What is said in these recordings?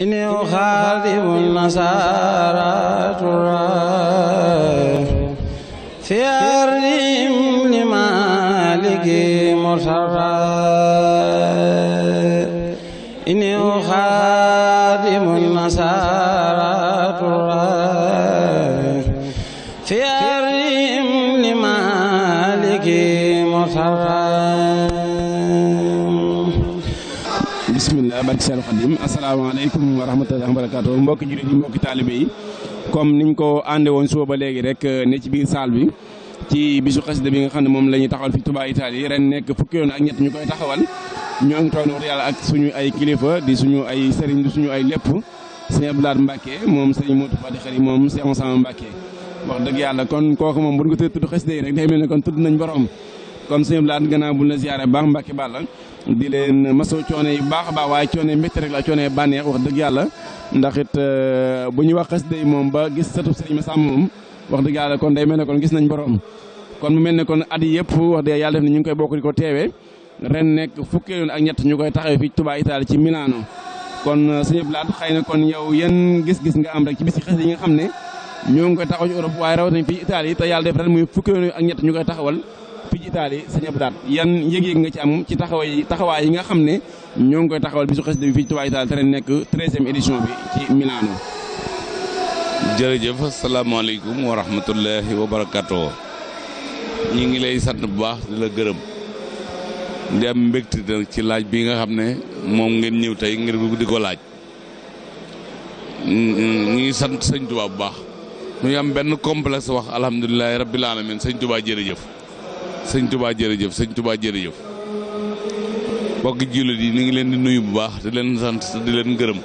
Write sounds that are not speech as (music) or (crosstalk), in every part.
إني أخاذب النصارى ترى في أرضهم لمالك مصرى إني abadi Seex Xaadim asalaamaaleykum wa rahmatullahi wa barakaatu mbokki jullit yi mbokki taalibe yi comme niñ ko ànde woon suba ba léegi rek euh, ne ci biir salle bi ci bisu xasida bi nga xam ne moom la ñuy taxawal fi Touba Italie ren nekk fukki yoon ak ñu koy taxawal ñoo ngi toog yàlla ak suñu ay kilifa di suñu ay sëriñ di suñu ay lépp sëñ Abdou Lahad Mbacke moom mootu Modou Fadi yi moom sëñ Sama Mbacke wax dëgg yàlla kon kooku moom bu ñu ko tudd xasida yi rek day mel ne kon tudd nañ borom comme suñu laat gannaaw bu la ziaré bax mbacké bàlla di leen masso cioné yu bax ba way cioné metti rek la cioné bànneex wax deug yalla ndax it euh, bu ñu wax xasida ba gis satou sëriñ massa mom wax deug yalla kon day melne kon gis nañ borom kon mu melne kon adi yépp wax de yalla def ni ñu ngi koy bokku diko téwé ren nek fukké fukkeeloon ak ñett ñu koy taxawee fii Touba Italie ci Milano kon euh, suñu blaat xayna kon yow yeen gis-gis nga am rek ci bisi xasida yi nga xamné ñu ngi koy taxaw ci Europe waaye rawatina fii Italie ta yalla def ren muy fukkeeloon ak ñett ñu koy taxawal Pidj Italie sëñ Abdou Lahad yan yëg-yëg nga ci am ci taxawaay taxawaay yi nga xam ne ñoo ngi koy taxawal bisu xasida bi fii ci Touba Italie te nekk treizième édition bi ci Milano. jërëjëf asalaamaaleykum wa rahmatullahi wa barakatuh ñi ngi lay sant bu baax di la gërëm di am mbégte nag ci laaj bi nga xam ne moom ngeen ñëw tey ngir di ko laaj ñu ngi sant sëñ Touba bu baax ñu am benn complexe wax alhamdulilahi rabbil alamin sëñ Touba jërëjëf sëñ tubaa jërëjëf sëñ tubaa jërëjëf mbokki jullit yi ñu ngi leen di nuyu bu baax di leen sant sa di leen gërëm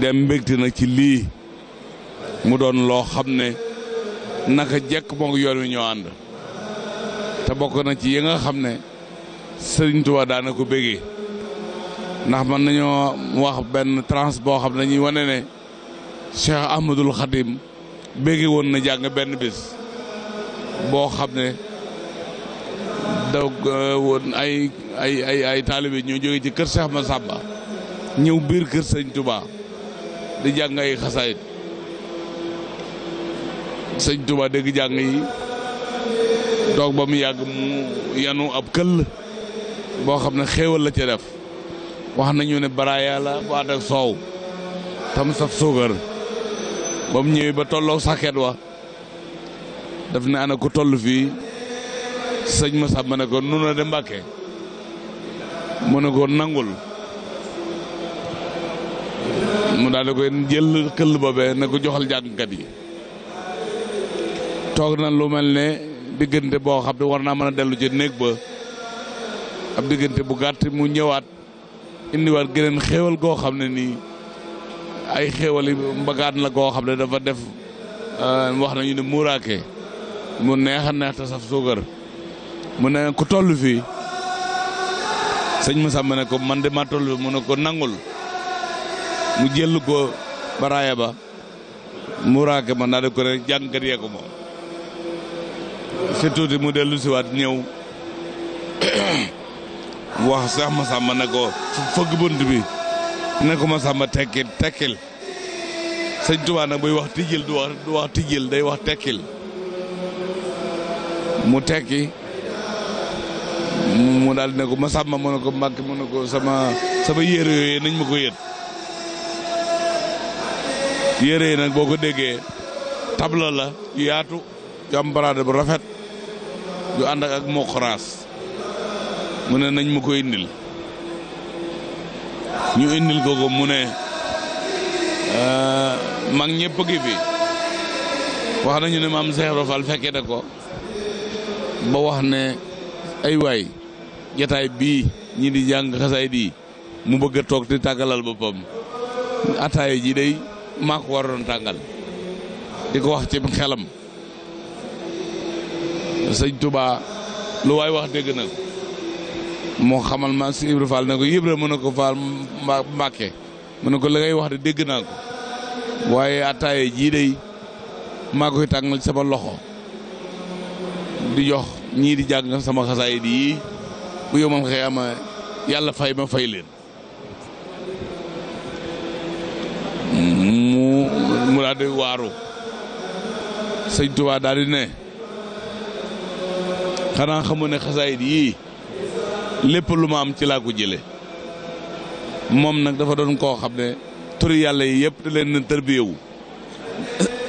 dem mbégte na ci lii mu doon loo xam ne naka jekk moo yoon wi ñoo ànd te bokk na ci yi nga xam ne sëriñ Tuubaa daana ko bégee ndax man nañoo wax benn transe boo xam ne dañuy wane ne Cheikh Ahmadul Xadim bégee woon na jàng benn bis boo xam ne daw euh, ay ay ay ay taalibe ñoo jógee ci kër ma Massamba ñëw biir kër sëñ Touba di jàng ay xasaayit sëñ Touba dégg jàng yi toog ba mu yàgg mu yanu ab kël boo xam ne xéewal la ci def wax nañu ne baraaya la bu soow tam saf suukar ba mu ñëwee ba tolloo saket wa def ne ana ko toll fii sëñ Masamba ne ko nu na de Mbàkke mu ne ko nangul mu daal di koy jël xëll boobee ne ko joxal jàngkat yi toog na lu mel ne diggante boo xam ne war naa mën a dellu ci néeg ba ab diggante bu gàtt mu ñëwaat indiwaat geneen xéewal goo xam ne nii ay xéewali mbagaan la goo xam ne dafa def euh, wax nañu ne muuraake mu neex a neex saf suukar mu ne tollu toll fii sëñ Masamba ne ko man de maa toll mu ne ko nangul mu jël ko baraaya ba mu raake man naa def ko rek jàngkat yee ko moom si tuuti mu dellu siwaat ñëw (coughs) wax sax Masamba ne ko fëgg bunt bi ne ko Masamba tekkil tekkil sëñ Tuubaa buy wax tijjil du wax tijjil day wax tekkil mu tekki mu daal ne ko ma sàmma mu ne ko mbàkk mu ne ko sama sama yére yooyu nañ ma ko yët yére yi nag boo ko déggee tabla la yaatu yu bu rafet yu ànd ak moqoraas mu ne nañ ma ko indil ñu indil ko ko mu ne euh, mag ñëpp gi fi wax nañu ne maam Seex Ibra Faal fekke na ko ba wax ne ay waay jotaay bi ñi di jang xasaay di mu bëgg tok di tagalal bopam ataay ji day mak waron diko di wax ci xelam señ Tuba lu way wax dégg na mo xamal ma si Ibra Fall nako ko Ibra mën na ko faal Mbàkke mën la ngay wax de ko day sama loxo di jox ñi di jang sama di bu yow moom xëyaama yàlla fay ma fay leen mu mu daal waaru sëñ Tuubaa daal di ne xanaa xamu ne xasaayit yii lépp lu ma am ci laa ko jële moom nag dafa doon koo xam ne turi yàlla yi yëpp da leen na tërbiyewu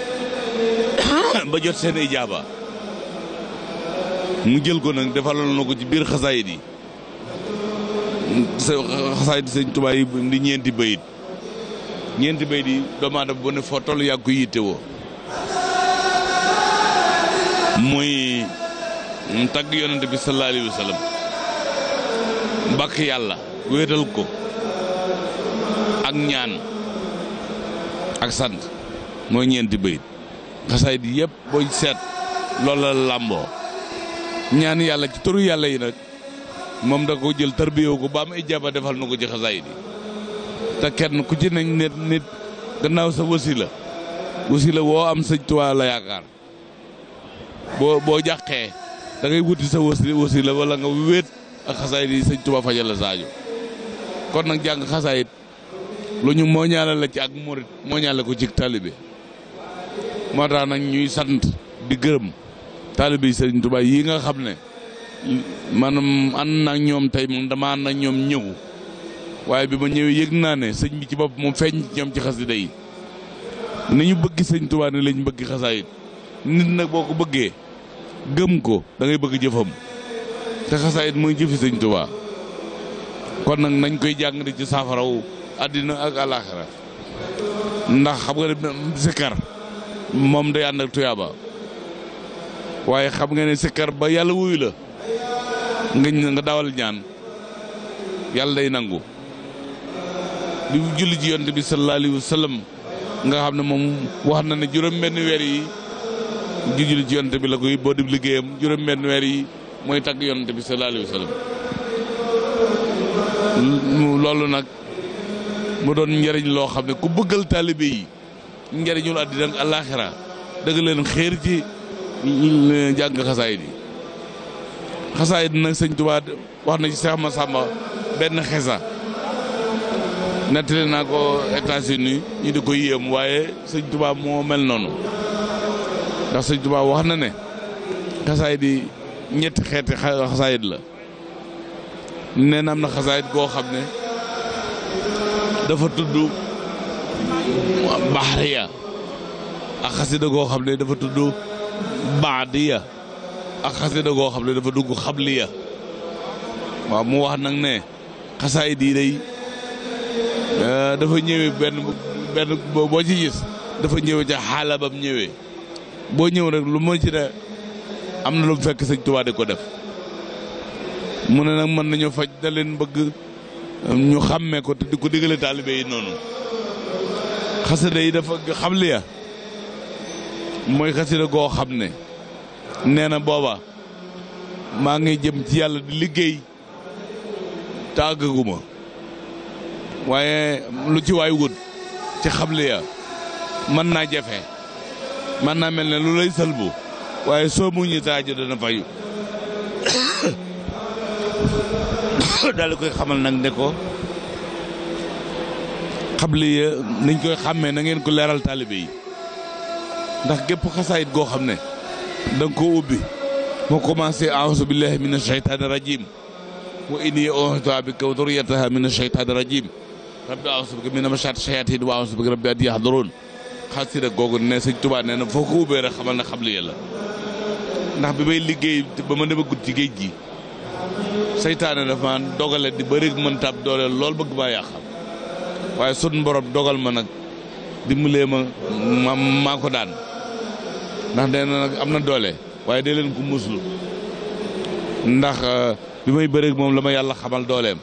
(coughs) ba jot seen ijaaba mu jël ko nag defaloon na ko ci biir xasaayit yi sa xasaayit sëñ Tuubaa yi di ñeenti bayit ñeenti bayit yi doomu aadama bu ne foo toll yàgg ko yitte woo muy tagg yonent bi sallallahu alayhi wa sallam bàkk yàlla wéetal ko ak ñaan ak sant mooy ñeenti bayit xasaayit yëpp booy seet loolu la làmboo ñaan yàlla ci turu yàlla yi nag moom da ko jël tarbiyoo ko ba am ijaaba defal na ko ci xasaayid yi te kenn ku ci nañ nit nit gannaaw sa wasila wasila woo am sëñ Tuubaa la yaakaar boo boo jàqee dangay wuti sa wasila wala nga wéet ak xasaayid yi sëñ Tuubaa fajal la kon nag jàng xasaayid lu ñu moo ñaale la ci ak murit mooñale ko ci taalibe moo tax nag ñuy sant di gërëm taalibi Serigne Touba yi nga xam ne maanaam ànd ñoom tey moom dama ànd ñoom ñëw waaye bi ma ñëwee yëg naa ne sëñ bi ci bopp moom feeñ ñoom ci xasida yi ni ñu bëgg Sëñ Touba ne lañ bëgg xasaayit nit nag boo ko bëggee gëm ko da ngay bëgg jëfam te xasaayit mooy jëfi Sëñ Touba kon nag nañ koy jàng di ci saafarawu àddina ak àlaaxira ndax xam nga ne sikar moom day ànd ak tuyaaba waaye xam nga ne sikkar ba yàlla wuyu la nga nga dawal ñaan yàlla day nangu di julli ji yonent bi sallallahu alayhi wa nga xam ne moom wax na ne juróom-benn weer yi di julli bi la koy boo di liggéeyam juróom-benn weer yi mooy tagg yonent bi sallallahu alayhi wa loolu nag mu doon njëriñ loo xam ne ku bëggal taalibe yi njëriñul àddina ak àllaaxira xéer ci jàng xasaayid yi xasaayid nag sëñ Tuubaa wax na ci Seex Masamba benn xesa nettali naa ko États-Unis ñu di ko yéem waaye sëñ Tuubaa moo mel noonu ndax sëñ Tuubaa wax na ne xasaayid yi ñetti xeeti xasaayid la nee na am goo xam ne dafa tudd a ak xasida goo xam ne dafa tudd baadiya ak xasida koo xam ne dafa dugg xabliya waaw mu wax nag ne xasaay dii day eh, dafa ñëwee benn boo ci gis dafa ñëwee ca xaala bam ñëwee boo ñëw rek lu ma ci ne am na lu mu fekk sëñ Tuubaa ko def mu ne nag mën nañu faj da leen bëgg um, ñu xàmmee ko te digale taalibe yi noonu xasida yi dafa xabliya mooy xasida goo xam ne nee na booba maa ngi jëm ci yàlla di liggéey tàggaguma waaye lu ci waay wut ci xamle ya mën naa jafe mën naa mel ne lu lay sëlbu waaye soo mu ñu taajo dana fayu (coughs) daal di koy xamal nag ne ko xabli ya nañ koy xàmmee na ngeen ko leeral taalibe yi ndax gépp xasaayit goo xam ne da nga koo ubbi moo commencé aouzu billahi min asheytaani rajim wa inni u'iizuhaa bika wa dhurriyyatahaa min asheytaani rajim rabbi aouzu bika min masaati shayaatiin wa aouzu bika rabbi an yahduruun googu ne sëñ Tuubaa nee na foo ko ubbee rek xamal na xam li yàlla ndax bi may liggéey ba ma dem a gudd ci géej gi seytaane dafa dogale di ba rek mën doole lool bëgg maa yàqal waaye sun borom dogal ma nag dimbalee ma ma maa ko daan ndax nee na nag am na doole waaye dee leen ko muslu ndax eh, bi may bëreeg moom la ma yàlla xamal dooleem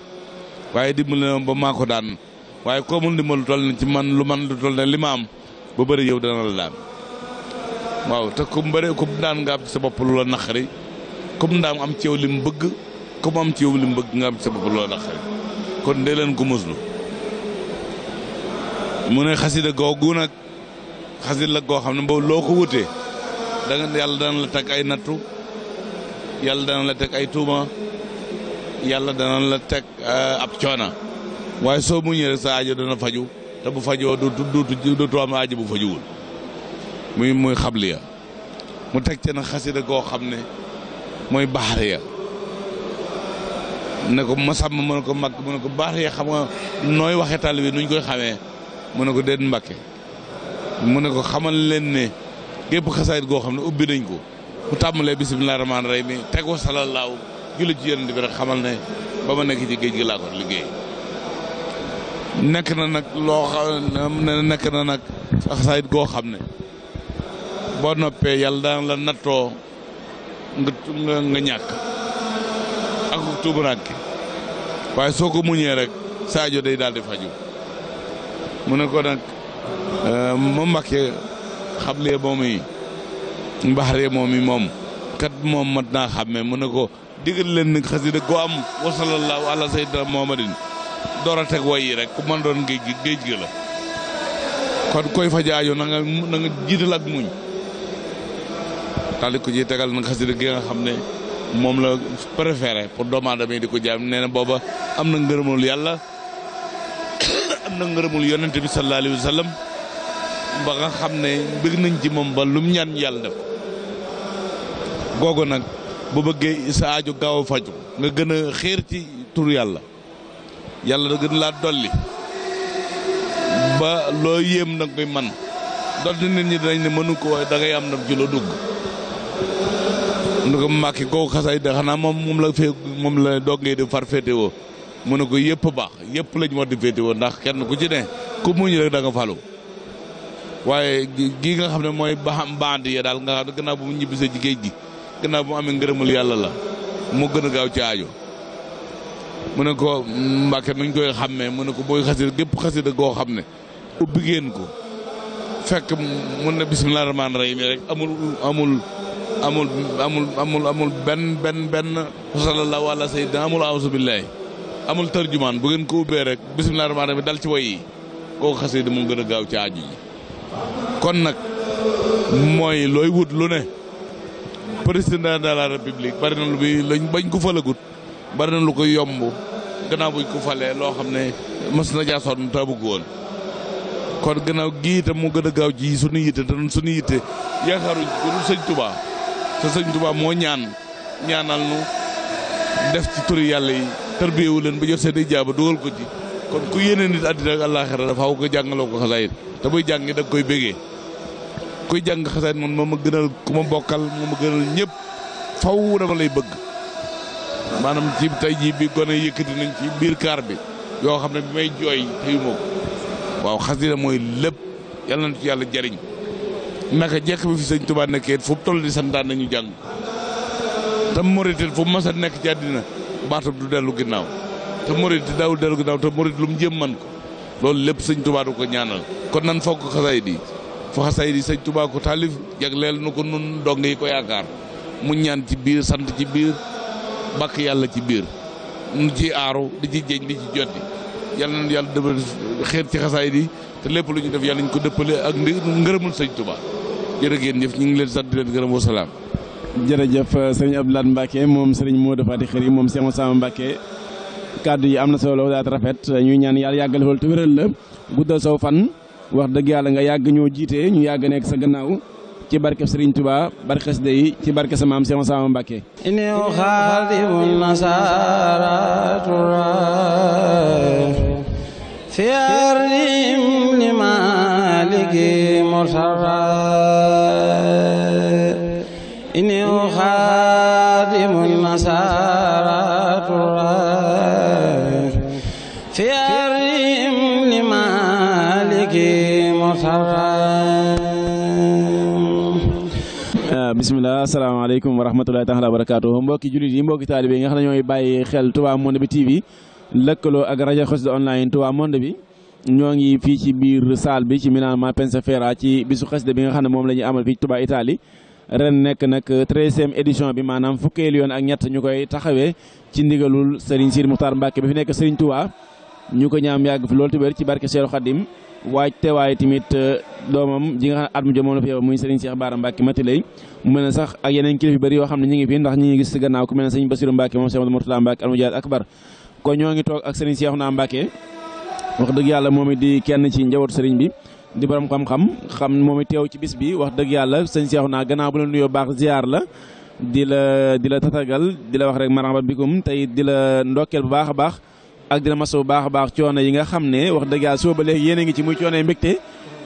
waaye dimbale ma ba maa ko daan waaye koo mun dimbal lu toll ne ci man lu man lu toll li ma am ba bëri yow dana la daan waaw te ku bëri ku daan nga am ci sa bopp lu la naqari ku daan am ci yow li mu bëgg ku am ci yow li mu bëgg nga am ci sa bopp la naqari kon dee leen ko muslu mu ne xasida googu nag xasida la goo xam ne boobu loo ko wute da yàlla dana la teg ay nattu yàlla dana la teg ay tuuma yàlla dana la teg euh, ab coona waaye soo mu rek sa aajo dana faju te bu fajoo du du du am aajo bu fajuwul muy muy xabliya mu teg ca na xasida goo xam ne mooy baxariya ne ko masam mu ne ko mag mu ne ko baxariya xam nga nooy waxe taalibe bi nuñ koy xamee mu ne ko déet Mbàkke mu ne ko xamal leen ne gépp xasaayit goo xam ne ubbi nañ ko mu tàmbalee bisimilah rahmaani rahim mi tegu salallahu julli ci yonent bi rek xamal ne ba ma nekk géej gi laa ko na nag loo xam na nag xasaayit goo xam ne boo noppee yàlla daan la nattoo nga ñàkk ak tuubu waaye soo ko muñee rek saajo day daal di faju mu ne ko nag euh, ma Mbàkke xamle moom yi mbaxare moom yi moom kat moom mat naa xàmme mu ne ko digal leen nag xasida goo am wa sallallahu ala sayyidina muhammadin door a teg way yi rek ku man doon géej gi géej la kon koy fa jaajo na nga na nga jiital ak muñ tali ko ci tegal nag xasida gi xam ne moom la préféré pour doomu aadama di ko jaam nee na booba am na ngërëmul yàlla am na ngërëmul yonente bi sallallahu alayhi wa sallam ba nga xam ne bëgg nañ ci moom ba lum ñaan yàlla def googu nag bu bëggee sa aajo gaaw a faju nga gën a xéer ci tur yàlla yàlla da gën laa dolli ba lo yem nag koy man dolli nit ñi dinañ ne mënu ko waaye da ngay am nag ci la dugg ndu ko xasay de xanaa moom moom la fee moom la dongee di farfeete woo mu ne ko yépp baax yépp lañ war di féetewoo ndax kenn ku ci né ku muñ rek da nga falu waye gi nga xamné moy mooy baxam ya dal nga gëna bu mu ci géej gi gëna bu amé amee yalla la mo gëna a gaaw ci aajo mu ne ko mbàkke nuñ koy xamé mu ko booy xasida gépp xasida ubbi gën ko fekk mu bismillahir rahmanir rahim rek amul amul amul amul amul amul ben ben ben, sallallahu wa sallam amul a'udzu billahi amul tërjumaan bu ngeen ko ubbee rek bisimilah rahmaani rahiim dal ci way yi kooku xasee di moom gën a gaaw ci aaju yi kon nag mooy looy wut lu ne président de la république bari na lu bi lañ bañ ko falagut bari na lu ko yomb gannaaw buñ ko falee loo xam ne mas na jaasoon tabu woon kon gannaaw gii itam mu gën gaaw ji suñu yitte te suñu yitte yaakaaruñ ko du sëñ tubaa te sëñ tubaa moo ñaan ñaanal nu def ci turi yàlla yi tarbiyewu leen ba jot seen ijaaba dugal ko ci kon ku yéene nit àddina ak àllaaxira dafa aw ko jàngaloo ko xasaayit te buy jàngi da koy bégee kuy jàng xasaayit man moom ma gënal ku ma bokkal moom ma gënal ñëpp faw dama lay bëgg maanaam ci tey jii bi gone yëkkati nañ ci biir kaar bi yoo xam ne bi may jooy teyu ma ko waaw xasida mooy lépp yal na ci yàlla jariñ naka jekk bi fi sëñ Tuubaa nekkee fu mu toll di santaan nañu jàng te moritel fu mas nekk ci àddina baatam du dellu ginnaaw te murit di daawul dellu ginnaaw te murit lu mu man ko loolu lépp sañ Tuubaa ko ñaanal kon nan foog ko xasayid yi fa xasayid yi sëñ Tuubaa ko taalif jagleel nu ko nun dong ko yaakaar mu ñaan ci biir sant ci biir bàkk yàlla ci biir nu ci aaru di ci jéñ di ci jotti yàlla nan yàlla dëppale xeer ci xasaay di te lépp lu ñu def yàlla ñu ko dëppale ak ndi ngërëmul sëñ Tuubaa jërë ngeen jëf ñu ngi leen sant di leen gërëm wa jërëjëf euh, serigne abdoulaye Lahad mom serigne Modou fatih Xëri mom Cheikh Moussa Mbacke kaddu yi amna solo da rafet ñu ñaan yalla yagal hol te wéral la guddal saw fan wax deug yalla nga yag ñoo jité ñu yag nek sa gannaaw ci barke serigne Touba barke xasida yi ci barke sa maam Cheikh Moussa Mbacke inew khadimun nasaratura fi arnim li maliki mursara آه، بسم الله السلام عليكم ورحمة الله وبركاته هم بوكي جولي جيم بوكي تالبين يخلنا نيوي باي خل توا موند بي تيوي لكلو أغراجة خوش دي بي نيوي في تي بير ما پنسفيرا تي بيسو خوش دي بي نخلنا موم لجي ren nekk nag treizième édition bi maanaam fukkeelu yoon ak ñett ñu koy taxawee ci ndigalul Serigne Sidi Muxtaar Mbàkke bi fi nekk Serigne Touba ñu ko ñaam yàgg fi loolu tubéer ci barke Seeru Xadim waaj teewaay tamit euh, doomam ji nga xam at mu jëmoon la fi yow muy Serigne Cheikh Bara Mbacke mati lay mu mel sax ak yeneen kilifa yu bëri yoo xam ne ñu ngi fi ndax ñu ngi gis gannaaw ku mel ne Serigne Bassirou Mbacke moom Cheikh Mourtala dëgg yàlla moom it di kenn ci njabootu Serigne bi di borom xam-xam xam moom it teew ci bis bi wax dëgg yàlla sëñ seexu naa gannaaw bu la nuyoo baax ziar la di la di la tatagal di la wax rek marhaba bikum tey di la ndokkeel bu baax a baax ak di la bu baax a baax coono yi nga xam ne wax dëgg yàlla suba ba léegi yéen a ngi ci muy coono yi mbégte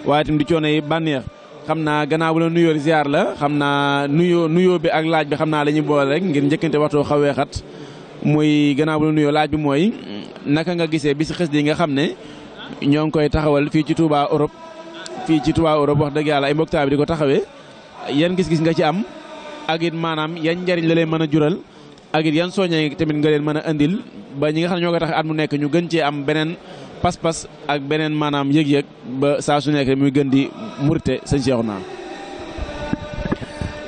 waaye itam di coono yi bànneex xam naa gannaaw bu la nuyoo ziar la xam naa nuyoo nuyoo bi ak laaj bi xam naa la ñuy boole rek ngir njëkkante waxtu xawee xat muy gannaaw bu la laaj bi mooy naka nga gisee bis xës yi nga xam ne ñoo ngi koy taxawal fii ci fii ci Touba Europe wax dëgg yàlla ay mbokk di ko taxawee yan gis-gis nga ci am ak maanaam yan njariñ la leen mën a jural ak it yan soññee tamit nga leen mën a andil ba ñi nga xam ne ñoo ko tax at mu nekk ñu gën cee am beneen pas-pas ak beneen maanaam yëg-yëg ba saa su nekk muy gën di murite sëñ Cheikh naa.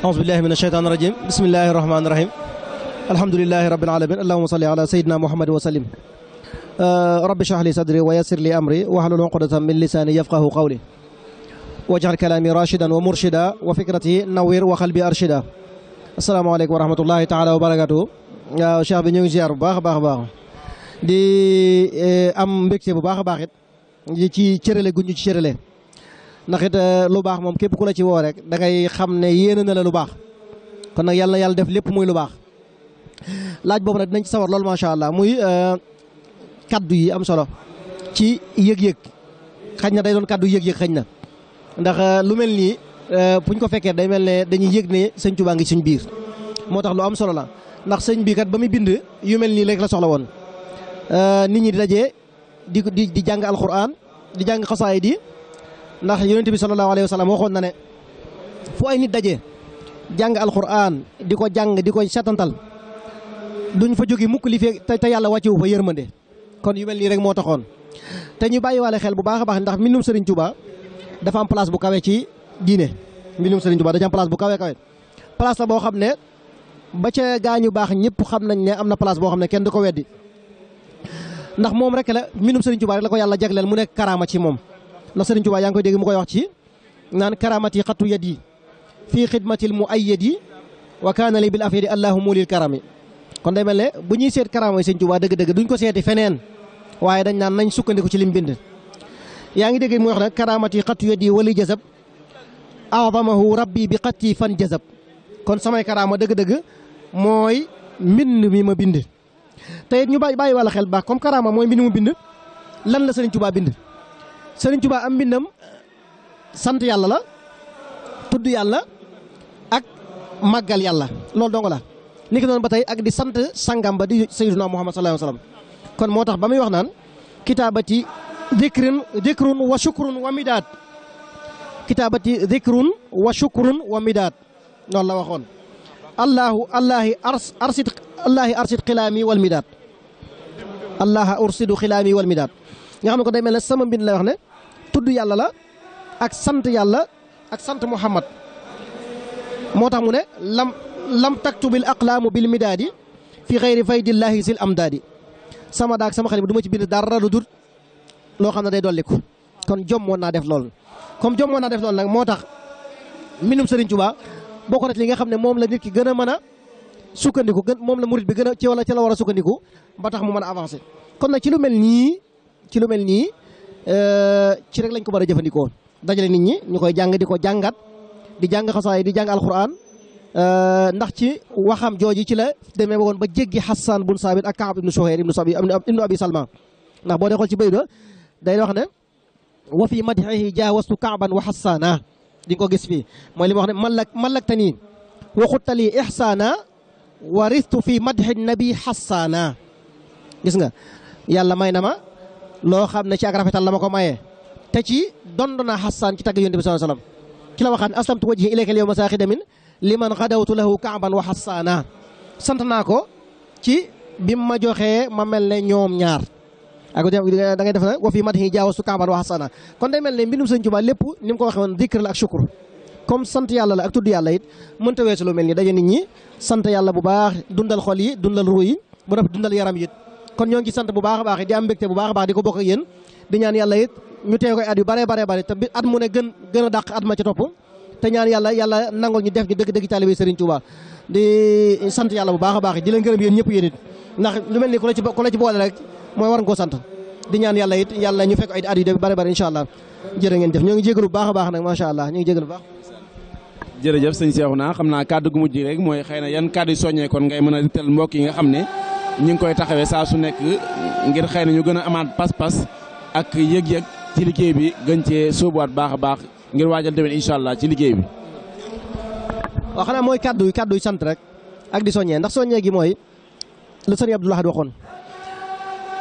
auzu billaahi mina shaytaani rajiim bismillaahi rahmaani rahiim alhamdulillaahi rabbil aalamiin allahumma salli ala sayyidina Muhammad wa sallim. rabbi shrah li wa yassir li amri wahlul uqdatan min lisaani yafqahu qawli. وجه الكلام راشدا ومرشدا وفكرته نوير وقلبي ارشدا السلام عليكم ورحمه الله تعالى وبركاته شيخ بن زيار باخ باخ باخ دي ام بكت بو باخ باخيت دي تي تيرل غنج تي تيرل نخيت لو باخ موم كيب كولا تي وو رك دا غاي خامن يينا لا لو باخ كون نك يالنا يال ديف ليپ موي لو باخ لاج بوب رك نانتي سوار لول ما شاء الله موي كادو يي ام سولو تي ييك ييك خاجنا داي دون كادو ييك ييك خاجنا ndax euh, lu melni nii buñ euh, ko fekke day melne dañuy yëg ne sëñ ngi suñ biir motax lu am solo la ndax señ bi kat bamuy bind yu melni la soxla euh nit ñi di dajé di di jang alquran di jang xasaay di ndax yaronte bi sallallahu alaihi wasallam waxon na ne fu ay nit dajé jang alquran di jang diko di duñ fa joggi mukk li fe ta yalla waccu fa yermande kon yu melni rek mo taxone te ñu xel bu baaxa baax ndax minum señ Tuubaa dafa am bu kawe ci diine mbindum Sëriñ Tuubaa dafa am place kawe kawe place la boo xam ne ba ca gaañu baax ñëpp xam nañ ne am na place boo xam ne kenn di ko weddi ndax moom rek la mbindum Sëriñ Tuubaa rek la ko yàlla jagleel mu nekk karaama ci moom ndax Sëriñ Tuubaa yaa ngi koy dégg mu koy wax ci naan karaamati xatu yad yi fii xidmatil mu ay yad yi wa kaana li bil afiyadi allahu mulil karami kon day mel ne bu ñuy seet karaama yi Sëriñ Tuubaa dëgg-dëgg duñ ko seeti feneen waaye dañ naan nañ sukkandiku ci lim bind yaa ngi dégg mu wax nag karaamati xatu yadi wali jazab aadamahu rabbi bi xatti fan jazab kon samay karaama dëgg-dëgg mooy mbind mi ma bind te ñu bàyyi bàyyi walla xel baax comme karaama mooy mbind mu bind lan la Sëriñ Tuubaa bind Sëriñ Tuubaa am mbindam sant yàlla la tudd yàlla ak maggal yàlla loolu dong la ni ki noonu ba tey ak di sant sangam ba di sayyiduna Muhammad sallallahu kon moo tax ba muy wax naan kitaabati ذكر ذكر وشكر ومداد كتابه ذكر وشكر ومداد والله وخون الله الله أرسد الله أرسد قلامي والمداد الله أرسد خلامي والمداد ياخمكو دايما السم بن لا وخنا تود يالا لا اك سانت يالا اك محمد موتا مو لم لم تكتب الاقلام بالمداد في غير فيد الله زل الامداد سما داك سما خليب دوما تي بين دار دود lo xam day dolliku kon mo na def loolu comme mo na def lol nak motax minum Serigne Touba boko rek li nga xamne ne la nit ki gëna mëna sukkandiku mom la murit bi gëna ci wala ci la wara sukkandiku ba tax mu mëna avancer kon nak ci lu mel nii ci lu mel euh ci rek lañ ko bëra jëfëndiko jëfandikoo dajale nit ñi ñukoy jang diko jangat di jang xasaay di jang alquran euh, ndax ci waxam joji ci la demee won ba jéggi Hassan bun sabit ak Kaab ibnu Suhayr ibnu Sabi ibnu Abi Salma ndax bo dee ci day wax ne wa fi madhihi jaawastu kaaban wa xassaana di nga ko gis fii mooy li wax ne mallak mallakta nii waxuttali ixsaana waristu fi madhi nabi hassana gis nga yàlla may na ma loo xam ne ci ak rafetal la ma ko mayee te ci dond naa ci tagg yonent bi sallallahu alayhi wasallam ki la waxaan aslamtu wajhi ilayka yawma saaxidamin liman xadawtu lahu kaaban wa xassaana sant naa ko ci bi ma joxee ma mel ne ñaar ak da ngay def na wa fi madhi jaaw sukaaman wa hasana kon day mel ne mbindum sëñ Tuubaa lépp ni ko waxe won dikr la ak shukur comme sante yalla la ak tudd yàlla it ta wessu lu melni dajé nit ñi sante yalla bu baax dundal xol yi dundal ruuy bu rap dundal yaram yi kon ñoo ngi sante bu baax baax di am bekté bu baax baax di ko bokk ak yeen di ñaan yalla it ñu teew koy at yu bare bare bare te bi at mu ne gën gëna dakk at ma ci top te ñaan yalla yalla nangul ñu def ñu deug deug talibé Serigne Touba di sante yalla bu baax baax di leen gërëm yeen ñepp yeen it ndax lu la ci ko la ci boole rek mooy war nga koo sant di ñaan yàlla it yàlla ñu fekk ay at yu dem bari bari incha allah jërë ngeen jëf ñoo ngi jégalu bu baax a baax nag macha allah ñu ngi jégalu bu baax. jërëjëf sëñ Cheikhouna xam naa kàddu gu mujj rek mooy xëy na yan kàddu soññee kon ngay mën a tel mbokk yi nga xam ne ñu ngi koy taxawee saa su nekk ngir xëy na ñu gën a amaat pas-pas ak yëg-yëg ci liggéey bi gën cee sóobuwaat baax a baax ngir waajal tamit incha allah ci liggéey bi. waaw xanaa mooy kàddu kàddu sant rek ak di soññee ndax soññee gi mooy la sëñ Abdoulaye waxoon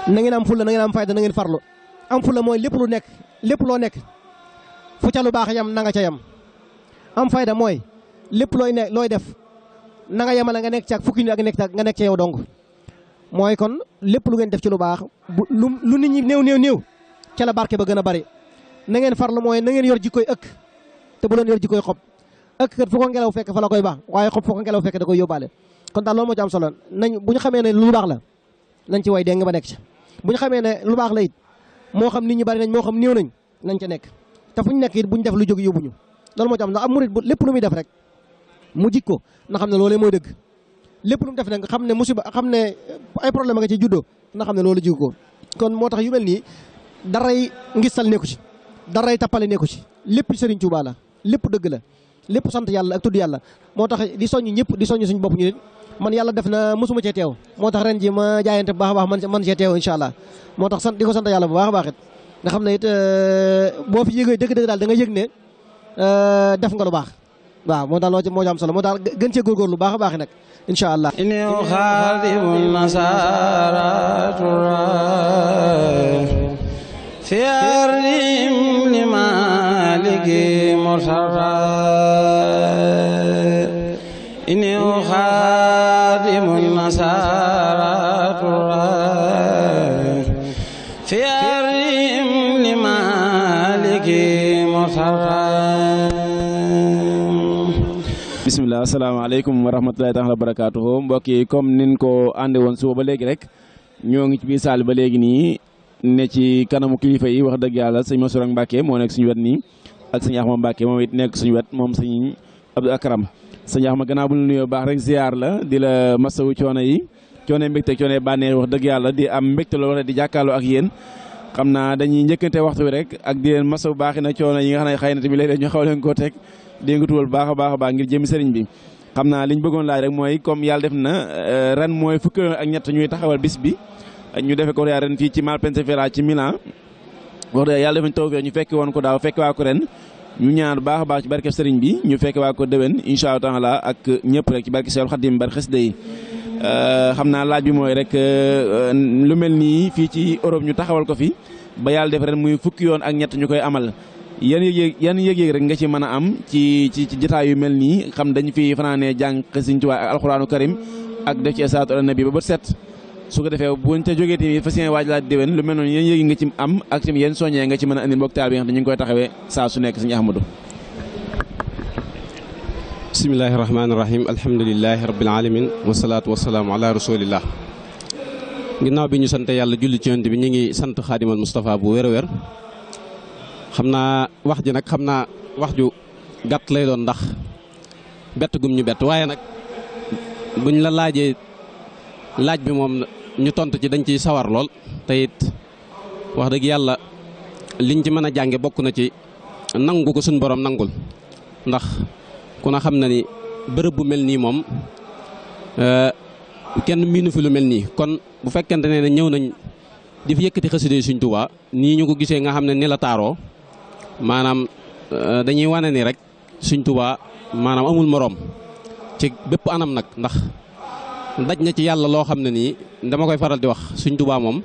na ngeen am fulla na ngeen am fayda na ngeen farlu am fulla mooy lépp lu nekk lépp loo nekk fu ca lu baax yam na nga ca yam am fayda mooy lépp looy ne looy def nanga nga la nga nekk ci fukki nit ak nekk nga nekk ci yow dong mooy kon lépp lu ngeen def ci lu baax bu lu nit ñi néew néew néew ca la barke ba gën a bari na ngeen farlu mooy na ngeen yor jikkoy ëkk te bu leen yor jikkoy xob ëkk kat fu ko ngelaw fekk fa la koy baax waaye xob fu ko ngelaw fekk da koy yóbbaale kon daal loolu moo ci am solo nañ bu ñu xamee ne lu baax la nañ ci way dégg nga ba nekk ci bu ñu xamee ne lu baax la moo xam nit ñi bari nañ moo xam néew nañ nañ ca nekk te fu ñu nekk it bu ñu def lu jóg yóbbu ñu loolu moo ci am ndax am murit bu lépp lu muy def rek mu jikko na xam ne loolee mooy dëgg lépp lu mu def nga xam ne musiba xam ne ay problème nga ci juddoo na xam ne loolu jikko ko kon moo tax yu mel nii daray ngistal nekku ci daray tappale nekku ci lépp Serigne Touba la lépp dëgg la lépp sant yàlla ak tudd yàlla moo tax di soññ ñëpp di soññ suñu bopp ñu man yàlla def na mosuma cee teew moo tax ren ji ma jaayante bu baax a man man cee teew incha moo tax sant di ko sant yàlla bu baax a baax nga xam ne euh, boo fi yëgee dëgg-dëgg daal da nga yëg ne euh, def nga lu baax waaw moo daal loo moo am solo moo daal gën cee góorgóorlu baax a baax nag incha allah ini uxaadimu nasaratura fi arnim li maliki mursara ini uxaadimu مسارات في أرهم لمالك مسرات bisimilah asalaamaaleykum wa rahmatulahi taala wa barakaatuhu mbokk yi comme nin ko ànde woon suba ba léegi rek ñoo ngi ci biir saal ba léegi nii ne ci kanamu kilifa yi wax dëgg yàlla sëñ Massour mbakke moo nekk suñu wet nii ak sëñ Axma Mbacke moom it nekk suñu wet moom sëñ Abdou Akram sëñ Axma gannaaw bu ñu nuyoo baax rek ziar la di la masawu coono yi coono mbégte coono bànneex wax dëgg yàlla di am mbégte lool di jàkkaarloo ak yéen. xam naa dañuy njëkkante waxtu bi rek ak di leen masawu baaxi na coono yi nga xam ne xëy na tamit léeg-léeg ñu xaw leen koo teg di nga tuwal baax a baax a baax ngir jëmi sëriñ bi. xam naa li ñu bëggoon laaj rek mooy comme yàlla def na euh, ren mooy fukk ak ñett ñuy taxawal bis bi ñu defee ko ren fii ci Malpensa Fiera ci Milan wax dëgg yàlla def nañ ñu fekk woon ko daaw fekk waa ñu ñaan baax a baax ci barkeb sëriñ bi ñu fekk waa ko déwén incha allah taala ak ñëpp rek ci barke Seex Xaadim barke xasida yi euh, xam naa laaj bi mooy rek euh, lu mel nii fii ci Europe ñu taxawal ko fi ba yàlla def ren muy fukki yoon ak ñett ñu koy amal yan yëg-yëg yan yëg-yëg rek nga ci mën a am ci ci ci jotaay yu mel nii xam dañu fi fanaanee jàng xësiñ ci waa ak alxuraanu karim ak def ci salaatu ala nabi ba bët set. su ko defee buñ ca jógee tamit fas yéene waaj laa déwén lu mel noonu yéen yëgi nga ci am ak tamit yéen soññee nga ci mën a indi mbokk taal bi nga xam ne ñu ngi koy taxawee saa su ginnaaw bi ñu sant yàlla julli ci yonent bi ñu ngi sant xaadimal Moustapha bu wér a wér xam naa wax ji nag xam naa wax ju gàtt lay doon ndax bett gum ñu bett waaye nag buñ la laajee laaj bi moom ñu tontu ci dañ ci sawar lol, te it wax deug yalla liñ ci nanggu jàngé bokku na ci nangu ko suñ borom nangul ndax ku na xam ni bërepp bu melni mom euh kenn minu fi lu melni kon bu fekkante ne ñew nañ di fi yëkëti xasida yi suñ Tuubaa ni ñu ko gisé nga xam ni la taro manam euh, dañuy wané ni rek suñ manam amul morom ci bëpp anam nak, ndax daj na ci yàlla loo xam ne nii dama koy faral di wax suñ tubaa moom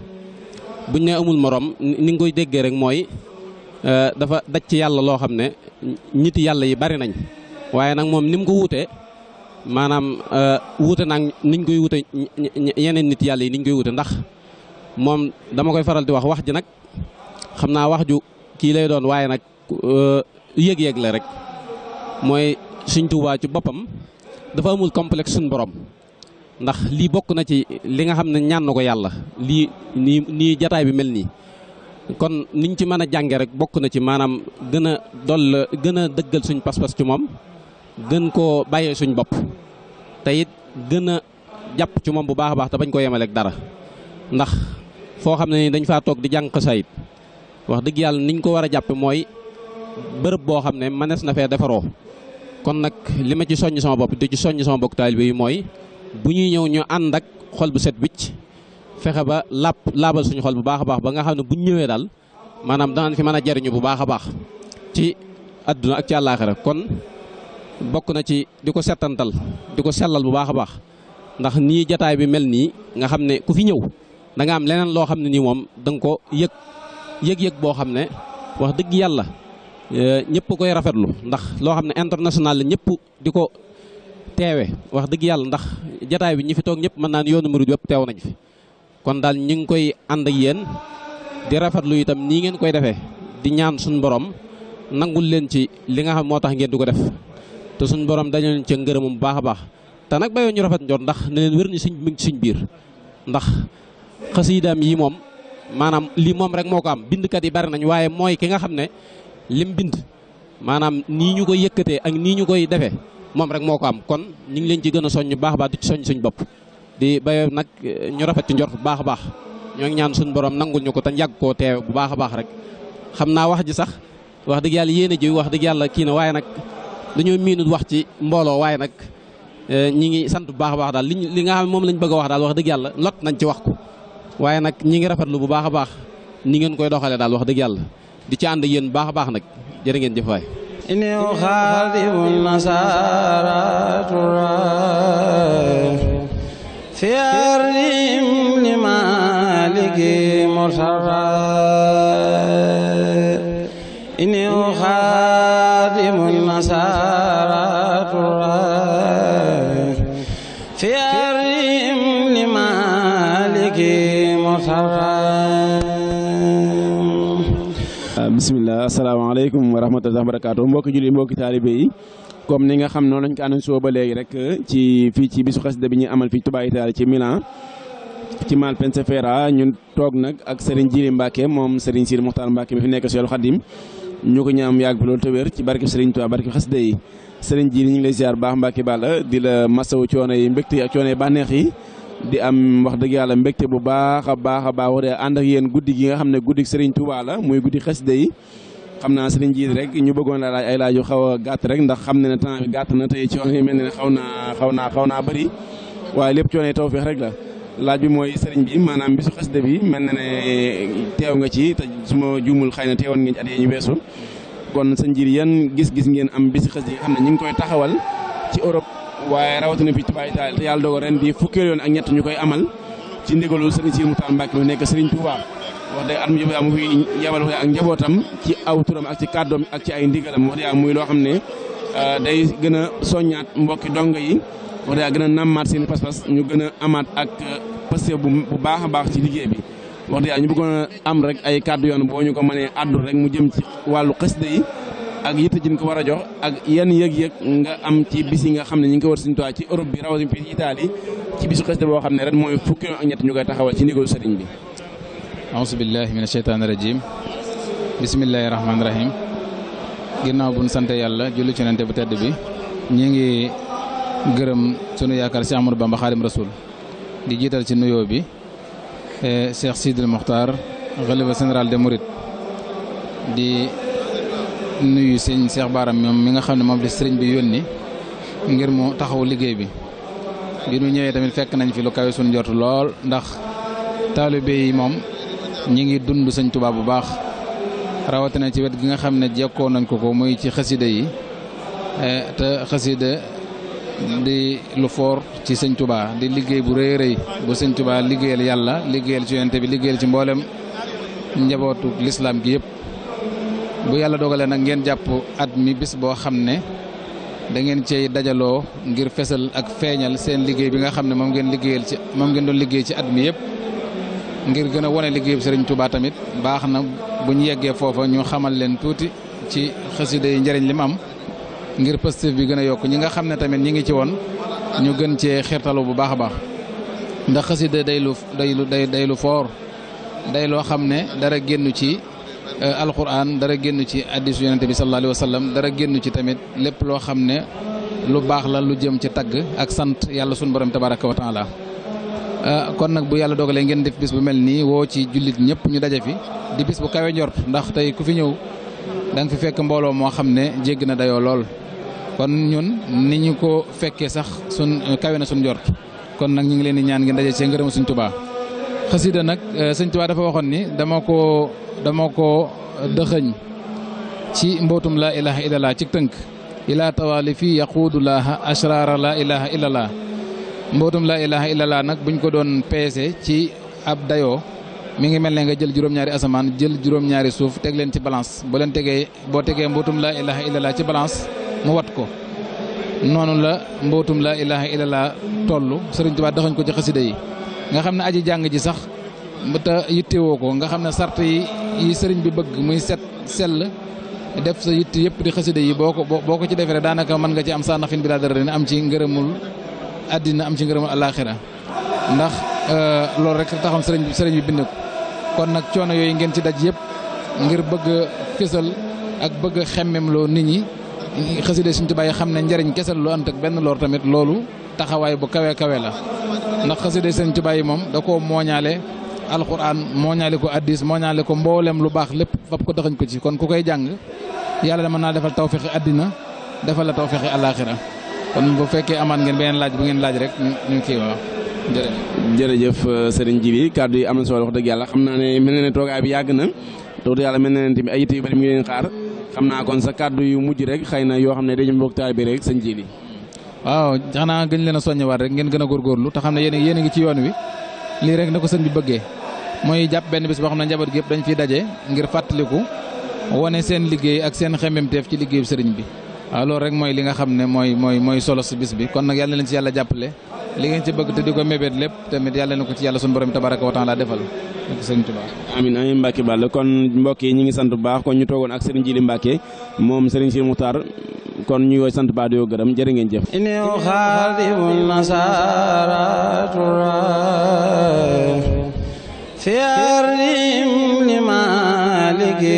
buñ ne amul moroom ni nga koy déggee rek mooy euh, dafa daj ci yàlla loo xam ne ñiti yàlla yi bari nañ waaye nag moom ni ko wuutee maanaam euh, wuute nag niñ koy wuute yeneen nit yàlla yi niñ koy wuute ndax moom dama koy faral di wax wax ji nag xam naa wax ju kii lay doon waaye nag yég euh, yëg la rek mooy suñ tuubaa ci boppam dafa amul complexe suñ borom ndax lii bokk na ci li nga xam ne ñaan na ko yàlla lii nii nii jataay bi mel nii kon niñ ci mën a jànge rek bokk na ci maanaam gën a doll gën a dëggal suñ pas-pas ci moom gën koo bàyyee suñ bopp te it gën a jàpp ci moom bu baax a baax te bañ ko yemaleek dara ndax foo xam ne ni dañ faa toog di jàng xasaayit wax dëgg yàlla niñ ko war a jàppe mooy bërëb boo xam ne mënees na fee defaroo kon nag li ma ci soññ sama bopp di ci soññ sama bokk taalibe mooy buñu ñew ñu and ak xol bu set wicc fexé ba làpp labal suñu xol bu baaxa baax ba nga xamne buñu bu dal manam da nañ fi mëna jarriñu bu baaxa baax ci aduna ak ci alakhira kon bokku na ci diko setantal diko selal bu baaxa baax ndax ni jotaay bi melni nga xamne ku fi ñew da nga am leneen lo xamne ni mom ko yek yek yek bo xamne wax deug yalla eh, ñepp koy rafetlu ndax lo xamne international ñepp diko teewe wax dëgg yàlla ndax jataay bi ñi fi toog ñëpp mën naan yoonu murid yëpp teew nañ fi kon daal ñu ngi koy ànd ak yéen di rafetlu itam nii ngeen koy defee di ñaan suñu borom nangul leen ci li nga xam moo tax ngeen di ko def te suñu borom dañu leen ca ngërëmu bu baax a baax te nag bayoo ñu rafet njoot ndax ne leen wér ñu suñ mi ngi suñ biir ndax xasiidaam yi moom maanaam lii moom rek moo ko am bindkat yi bari nañ waaye mooy ki nga xam ne lim bind maanaam nii ñu koy yëkkatee ak nii ñu koy defee moom rek moo ko am kon ñu ngi leen ci gën a soññ baax a baax di ci soññ suñ bopp di baye nag eh, ñu rafet ci njort bu baax a baax ñoo ngi ñaan suñ borom nangul ñu ko te yàgg koo teew bu baax a baax rek xam naa wax ji sax wax dëgg yàlla yéene ji wax dëgg yàlla kii na waaye nag dañoo miinut wax ci mbooloo waaye nag eh, ñi ngi sant baax a baax daal liñ li nga xam moom lañ bëgg a wax daal wax dëgg yàlla lot nañ ci wax ko waaye nag ñi ngi lu bu baax a baax ni ngeen koy doxalee daal wax dëgg yàlla di ci ànd yéen baax baax nag jërë ngeen jëf إني أخاذب النصارى في أرضهم لمالك مرترى إني أخاذب النصارى bisimilah asalaamaaleykum wa rahmatulah barakaatu mbokki julli mbokki taalibe yi comme ni nga xam noonu lañ ko annoncé ba léegi rek ci fii ci bisu xasida bi ñuy amal fii Touba Italie ci Milan ci Malpensa Fiera ñun toog nag ak Serigne Djili Mbacke moom Serigne Sidi Mokhtar Mbacke mi fi nekk Seexul Xadim ñu ko ñaam yàgg bi loolu te wér ci barke Serigne Touba barke xasida yi Serigne Djili ñu ngi lay ziar baax Mbacke Balla di la masawu coono yi mbégte yi ak coono yi bànneex yi. di am wax dëgg yàlla mbégte bu baax a baax a baax wax dëgg ànd ak yéen guddi gi nga xam ne guddi Serigne Touba la muy guddi xasida yi xam naa Serigne jiit rek ñu bëggoon la laaj ay laaj xaw gàtt rek xam ne ne temps gàtt na tey coono yi mel ne xaw naa xaw naa xaw naa bari waaye lépp coono yi tawfeex rek la laaj bi mooy Serigne bi maanaam bisu xasida bi mel na ne teew nga ci te su ma juumul xëy na teewoon ngeen ci at yii ñu weesu kon sëñ jiit yan gis-gis ngeen am bisu xasida yi xam ne ñu ngi koy taxawal ci Europe waaye rawatina fii Touba Italie te yàlla dogal ren di fukkeel yoon ak ñett ñu koy amal ci ndigalul sëriñ Sidi Moutar Mbacke mi nekk sëriñ Touba wax dëgg at mu jëm mu fi yabal ko ak njabootam ci aw turam ak ci kàddoom ak ci ay ndigalam wax a muy loo xam ne euh, day gën a soññaat mbokki dongo yi wax dëgg gën a nammaat seen i pas-pas ñu gën a amaat ak euh, pasteef bu baax a baax ci liggéey bi. wax dëgg ñu bëggoon a am rek ay kàddu yoon boo ñu ko mënee àddu rek mu jëm ci wàllu xasida yi ak yitte jin ko wara jox ak yan yeg yeg nga am ci bis yi nga xam ne ngi ko war Sëriñ Tuubaa ci Europe bi rawatina fi itali ci bisu xeste bo xam ren moy fukki ak ñet ñu koy taxawal ci ndigalu sëriñ bi a'udhu billahi minash shaitanir rajim bismillahir rahmanir rahim ginnaaw buñ sante yalla jullu ci nante bu tedd bi ñi ngi gërëm sunu yaakar si Amadou Bamba khadim Rasul di jital ci nuyo bi Cheikh Sidil mukhtar xalifa général de Mouride di nuyu sëñ seex Bara moom mi nga xam ne moom la seriñ bi yónni ngir mu taxaw liggéey bi bi nu ñëwee tamit fekk nañ fi lu kawe suñu jot lool ndax taalibe yi moom ñi ngi dund sëñ Tuubaa bu baax rawatina ci wet gi nga xam ne jekkoo nañ ko ko muy ci xasida yi eh, te xasida di lu foor ci sëñ Tuubaa di liggéey bu rëy rëy bu sëñ Tuubaa liggéeyal yàlla liggéeyal ci yonent bi liggéeyal ci mbooleem njabootu lislaam gi yëpp bu yàlla dogalee nag ngeen jàpp at mi bis boo xam ne da ngeen cey dajaloo ngir fesal ak feeñal seen liggéey bi nga xam ne moom ngeen liggéeyal ci moom ngeen doon liggéey ci at mi yëpp ngir gën a wane liggéey bi Sëriñ Tuubaa tamit baax na bu ñu yeggee foofa ñu xamal leen tuuti ci xasida yi njëriñ li mu am ngir positif bi gën a yokk ñi nga xam ne tamit ñi ngi ci woon ñu gën cee xirtalu bu baax a baax ndax xasida day lu day day lu foor day xam ne dara génnu ci Euh, alquran dara génn ci addis yonent bi sallallahu alayhi sallam dara génn ci tamit lépp loo xam ne lu baax la lu jëm ci tagg ak sant yàlla sunu borom tabaraka wa taala euh, kon nag bu yàlla dogalee ngeen def bis bu mel nii woo ci jullit ñëpp ñu daje fi di bis bu kawe njort ndax tey ku fi ñëw danga fi fekk mbooloo moo xam ne jégg na dayoo lool kon ñun ni ñu ko fekkee sax sun kawe na sun njort kon nag ñu ngi leen di ñaan ngeen daje ci ngërëm suñ Tuubaa khasida nak eh, seigne touba dafa waxoon ni dama ko dama ko eh, dexeñ ci mbotum la ilaha illallah ci teunk ila tawalifi yaqudu la laaha la ilaha illallah mbotum la ilaha illallah nak buñ ko don peese ci ab dayo mi ngi melne nga jël juróom-ñaari asaman jël juróom-ñaari souf teg len ci balance bo len tege bo tege mbotum la ilaha illallah ci balance mu wat ko nonu la mbotum la ilaha illallah tollu serigne touba dexeñ ko ci khasida yi nga xam ne aji jàng ji sax te yittewoo ko nga xam ne sart yi sëriñ bi bëgg muy set sell def sa yitte yëpp di xasida yi boo ko boo ko ci defee daanaka mën nga ci am saa nafin bi laa dara dina am ci ngërëmul àddina am ci ngërëmul alaaxira ndax euh, loolu rek taxam sëriñ bi sëriñ bi bind ko kon nag coono yooyu ngeen ci daj yëpp ngir bëgg a ak bëgg a loo nit ñi xasida Sëriñ Tuubaa yi xam ne njariñ kesal lu ànd benn loor tamit loolu taxawaay bu kawe kawe la ndax xasida sëñ Tuubaa yi moom da koo mooñaale alxuraan mooñaale ko addis mooñaale ko mboolem lu baax lépp fab ko dëxañ ko ci kon ku koy jàng yàlla dama naa defal taw tawféexi àddina defal la taw tawféexi alaaxira kon bu fekkee amaat ngeen beneen laaj bu ngeen laaj rek ñu kii waaw jërëjëf sëriñ euh, Jibi kàddu yi am na solo wax dëgg yàlla xam naa ne mel na ne toogaay bi yàgg na dootu yàlla mel na ne tamit ay yitte yu bari mi ngi leen kon sa kàddu yu mujj rek xëy na yoo xam ne dañu mbokk taal bi rek sëñ Jibi Wow, jana gën leena a war rek ngeen gën a gor te xam ne yéen yene ngi ci yoon wi li rek nako sëñ bi bëggee moy japp benn bis bo xamna njabot gi yëpp dañ fi daje ngir fatlikou wane seen liggéey ak seen xemmemteef ci liggéey bi waaw loolu rek moy li nga xamné moy moy moy solo bis bi kon nak yalla leen ci yalla jappalé li ngeen ci bëgg te diko mebet lepp tamit yalla nako ci yalla sun borom tabaraka wa taala defal ak sëriñ Tuba amin ay Mbacke ball kon mbokk yi ñi ngi sant bu baax kon ñu togon ak sëriñ Jili Mbacke mom sëriñ si mutar. kon ñu koy sant baa di gërëm jërë jëf ini xaadimul nasaratura fi arnim li maliki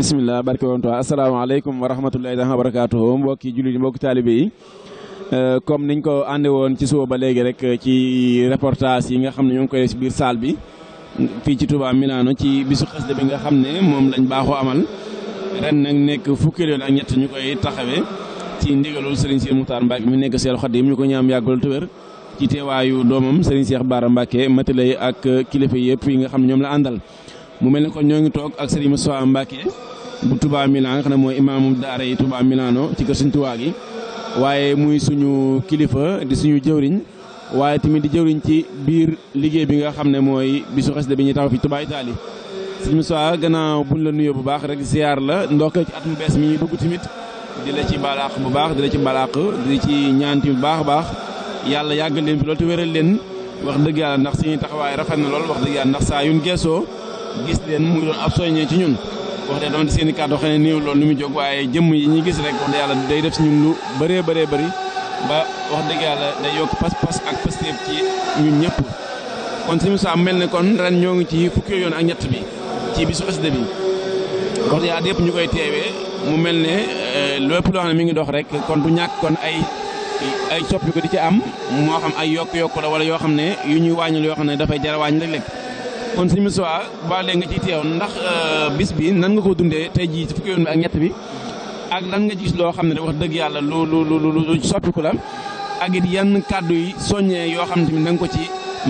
bisimilah barke woon tuwa asalaamaaleykum wa rahmatullahi taala wa barakaatuhu mbokki jullit yi mbokki taalibe yi euh, comme niñ ko ànde woon ci suba ba léegi rek euh, ci reportage yi nga xam ne ñoo ngi koy ci biir salle bi fii ci Touba Milano ci bisu xasida bi nga xam ne moom lañ baaxoo amal ren nag nekk fukki yoon ak ñett ñu koy taxawee ci ndigalul Serigne Cheikh Moutar Mbacke mi nekk Cheikh Khadim ñu ko ñaam yàggul tëwër ci teewaayu doomam Serigne Cheikh Bara Mbacke matalay ak kilifa yëpp yi nga xam ne ñoom la àndal mu mel ne kon ñoo ngi toog ak Serigne Moustapha Mbacke bu Touba Milan nga mooy imaamu daara yi Touba Milano ci kër Serigne tuwaa gi waaye muy suñu kilifa di suñu jëwriñ waaye tamit di jëwriñ ci biir liggéey bi nga xam ne mooy bisu xasida bi ñuy taxaw fi Touba Italie Serigne Moustapha gannaaw bu la nuyoo bu baax rek ziar la ndokkee ci at mu bees mi ñuy bëgg tamit di la ci balaax bu baax di la ci balaax di la ci ñaanti bu baax a baax yàlla yàgg leen fi loolu te leen wax dëgg yàlla ndax suñuy taxawaay rafet na lool saa yuñ geesoo gis leen mu doon ab soññee ci ñun wax dëgg doonte seen i kàddu xëy na néew loolu lu muy jóg waaye jëmm yi ñu gis rek wax dëgg day def si ñun lu bëree bëree bëri ba wax dëgg yàlla day yokk pas-pas ak pasteef ci ñun ñëpp kon suñu saa mel ne kon ren ñoo ngi ci fukki yoon ak ñett bi ci bisu xasida bi wax dëgg yàlla yëpp ñu koy teewee mu mel ne euh, lépp loo xam ne mi ngi dox rek kon du ñàkk kon ay ay soppi ko di ci am moo xam ay yokk-yokk la wala yoo xam ne yu ñuy wàññil yoo xam ne dafay jar a wàññi kon suñu Moustapha ba léegi nga ciy teew ndax euh, bis bi nan nga ko dundee tey jii ci fukki yoon bi ak ñett bi ak lan nga gis loo xam ne wax dëgg yàlla lu lu soppiku la ak it yan kàddu yi soññee yoo xam tamit da ko ci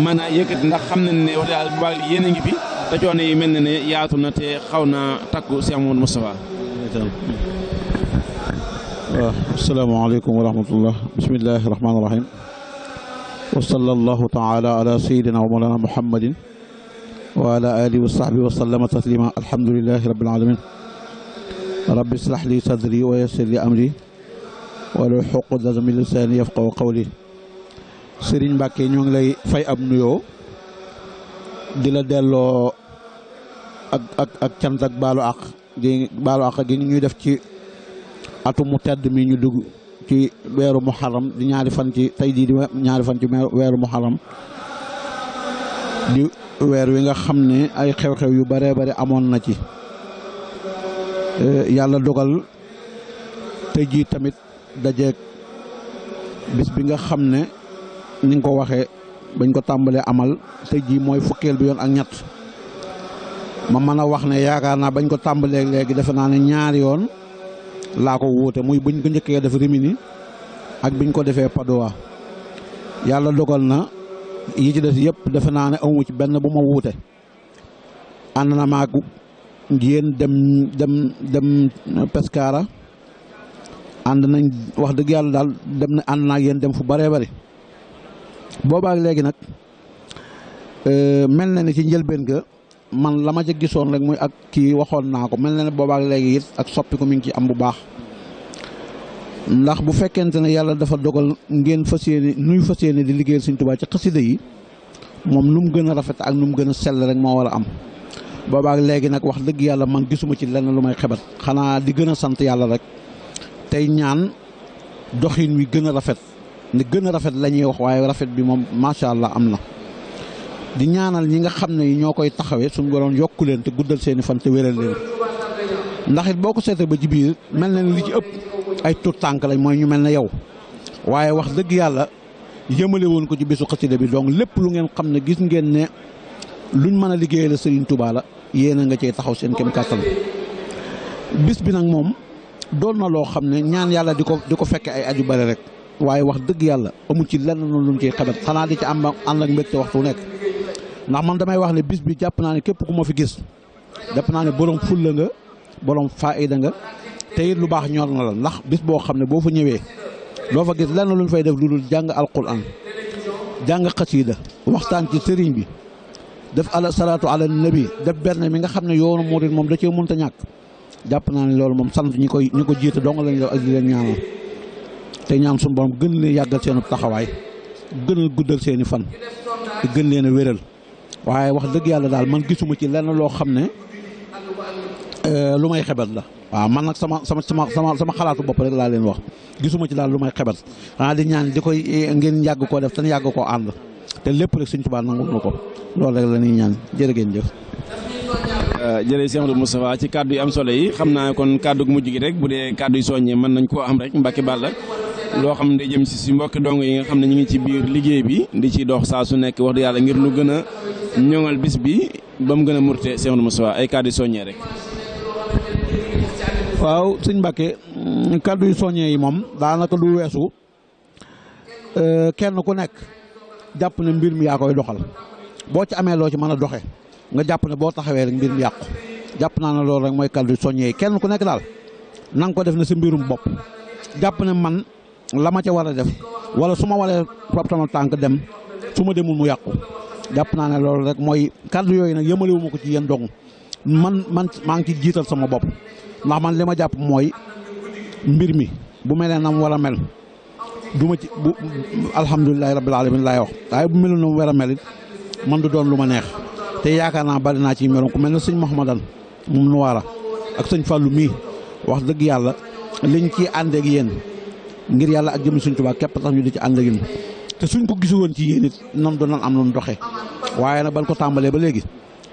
mën a yëkkati ndax xam nañ ne wax dëgg yàlla bu ngi fi te yi mel na ne yaatu na te xaw na takku Cheikh Mouhamadou Moustapha. waaw asalaamaaleykum wa bismillahi rahmaani rahim wa sallallahu taala ala sayyidina wa mawlana وعلى آله وصحبه وسلم تسليما الحمد لله رب العالمين رب اصلح لي صدري ويسر لي أمري ولحق لازم لساني يفقه قولي سيرين باكي نيون لاي فاي اب نيو ديلا ديلو اك اك اك تانت اك بالو اخ دي بالو اخ دي نيو داف تي اتو مو تاد مي نيو دوغ تي ويرو محرم دي نياري فان تي تاي دي نياري فان تي ويرو محرم weer wi nga xam ne ay xew-xew yu baree bari amoon na ci e, yàlla dogal te jii tamit dajeeg bis bi nga xam ne ni ko waxee bañ ko tàmbalee amal te ji mooy fukkeel bi yoon ak ñett ma mën a wax ne yaakaar naa bañ ko tàmbalee léegi defe naa ne ñaari yoon laa ko wuute muy buñ ko njëkkee def Rimini ak biñ ko defee Padoa yàlla dogal na. yi ci des yëpp defe naa ne amu ci benn bu ma wuute ànd na maag yéen dem dem dem Pescara ànd nañ wax dëgg yàlla daal dem na ànd naag yéen dem fu bëree bari boobaak léegi nag euh, mel na ne ci njëlbeen ga man la ma ca gisoon rek muy ak kii waxoon naa ko mel na ne boobaak léegi it ak soppi ko mi ngi ci am bu baax ndax bu fekkente ne yàlla dafa dogal ngeen fas yéene nuy fas yéene di liggéeyal Sëñ Tuubaa ci xasida yi moom nu mu gën a rafet ak nu mu gën a sell rek moo war a am boobaak léegi nag wax dëgg yàlla man gisuma ci lenn lu may xebat xanaa di gën a sant yàlla rek tey ñaan doxin wi gën a rafet ne gën a rafet la ñuy wax waaye rafet bi moom macha allah am na di ñaanal ñi nga xam ne ñoo koy taxawee suñu boroom yokku leen te guddal seeni fan te wéral leen ay tut tànk lañ mooy ñu mel na yow waaye wax dëgg yàlla yëmale woon ko ci bisu xasida bi donc lépp lu ngeen xam ne gis ngeen ne luñ mën a liggéey la Serigne Touba la yéen a nga cey taxaw seen kem kàttan bis bi nag moom doon na loo xam ne ñaan yàlla di ko di ko fekke ay aju bare rek waaye wax dëgg yàlla amul ci lenn noonu luñ ciy xabat xanaa di ci am ànd ak mbégte waxtu nekk ndax man damay wax ne bis bi jàpp naa ne képp ku ma fi gis jàpp naa ne borom تير لو باخ نيور نال ناخ بيس بو خامني بو فا نيوي لو فا گيس لان لون فاي ديف لودول جانغ القران جانغ قصيده وقتان تي سيرين بي ديف على صلاه على النبي ديف بيرن ميغا خامني يونو مودين موم داتي مونتا نياك جاب نان لول موم سانت نيكو نيكو جيت دونغ لان لو اجي نيان تي نيان سون بوم گن لي ياگال سينو تاخواي گن گودل سيني فان گن لين ويرل waye wax deug yalla dal man gisuma ci lenn لو xamne لو euh, lumay xebal la waaw man nag sama sama sama sama xalaatu bopp rek laa leen wax gisuma ci daal lu may xebat xanaa di ñaan di koy eh, ngeen yàgg koo def te yàgg koo ànd te lépp rek suñ Tuubaa nangu na ko loolu rek la ñuy ñaan jërë ngeen jëf. Euh, jërëjëf Cheikh Amadou Moustapha ci kàddu yu am solo yi xam naa kon kàddu gu rek bu dee kàddu yu soññee mën nañ koo am rek Mbacke Balla loo xam ne day jëm si si mbokki dong yi nga xam ne ñu ngi ci biir liggéey bi di ci dox saa su nekk wax dëgg yàlla ngir lu gën a ñoŋal bis bi ba mu gën a murte Cheikh Amadou Moustapha ay kàddu yu soññee rek waaw sëñ Mbàkke kàddu yu soññee yi moom daanaka du weesu euh, kenn ku nekk jàpp ne mbir mi yaa koy doxal boo ci amee loo ci mën a doxe nga jàpp ne boo taxawee rek mbir mi yàqu jàpp naa ne loolu rek mooy kàddu soññee yi kenn ku nekk daal na nga ko def ne sa mbirum bopp jàpp ne man la ma ca war a def wala su ma waree fab tànk dem su ma demul mu yàqu jàpp naa ne loolu rek mooy kàddu yooyu nag yëmaliwu ma ko ci yéen dong man man maa ngi ci jiital sama bopp ndax man li ma jàpp mooy mbir mi bu mel ne nam war a mel du ma ci bu alhamdulilahi rabbil alamin laay wax waaye bu melu nam war a mel it man du doon lu ma neex te yaakaar naa bari naa ci merom ku mel ne sëñ Mouhamadan moom nu ak sëñ Fallou mii wax dëgg yàlla liñ ci ànd ak yéen ngir yàlla ak jëmi suñ Tuubaa képp tax ñu di ci ànd te suñ ko gisu woon ci yéen it nam nan am lu doxe waaye nag ban ko tàmbalee ba léegi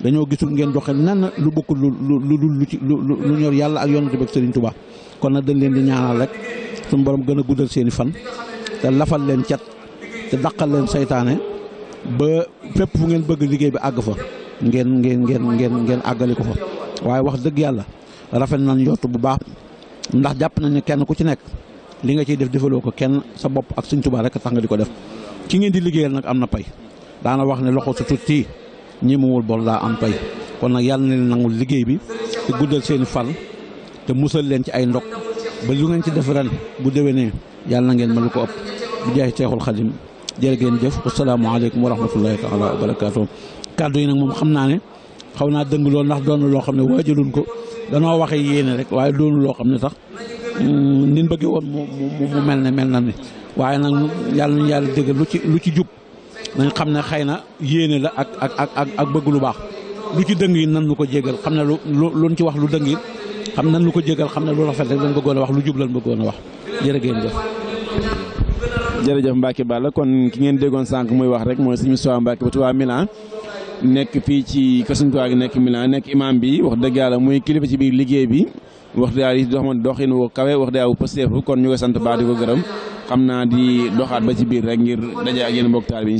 dañu gisul ngeen doxal nan lu bokku lu lu lu lu ñor yalla ak yoonu bi Serigne Touba kon na dañ leen di ñaanal rek sun borom gëna guddal seeni fan te lafal leen ciat te daqal leen shaytané ba fépp fu ngeen bëgg liggéey bi ag fa ngeen ngeen ngeen ngeen ngeen àggali ko fa waye wax deug yalla rafet nañ yottu bu baax ndax japp nañ ni kenn ku ci nek li nga ci def defaloo ko kenn sa bop ak Serigne Touba rek tax nga di ko def ki ngeen di liggéeyal nak amna pay daana wax ne loxo su tuuti ñi mumul bor daa am tey kon nag yàlla na leen nangul liggéey bi te guddal seen fan te musal leen ci ay ndog ba lu ngeen ci def ren bu déwénee yàlla na ngeen mën lu ko ëpp bu jaay teexul xadim jërë ngeen jëf asalaamaaleykum wa rahmatullahi taala wa barakaatu kàddu yi nag moom xam naa ne xaw naa dëng lool ndax doon loo xam ne waajaluñ ko danoo waxee yéene rek waaye doonu loo xam ne sax mm, nin bëggee woon mu mel na mel na ni waaye nag yàlla nañu yàlla dégg lu ci lu ci jub nañ xam ne xëy na yéene la ak ak ak ak bëgg lu baax lu ci dëng yi nan nu ko jégal xam ne lu luñ ci lu dëng xam nan nu ko jégal xam ne lu rafet rek lañ bëggoon a wax lu jub lañ bëggoon a wax jërë ngeen jëf jërëjëf Mbacke Balla kon ki ngeen déggoon sànq muy wax rek mooy suñu Moustapha Mbacke ba Touba Milan nekk fii ci Kër Sëñ Touba gi nekk Milan nekk imam bi wax dëgg yàlla muy kilifa ci biir liggéey bi wax dëgg yàlla yi dox doxin woo kawe wax dëgg yàlla wu kon ñu koy sant baax di ko gërëm xam naa di doxaat ba ci biir rek ngir daje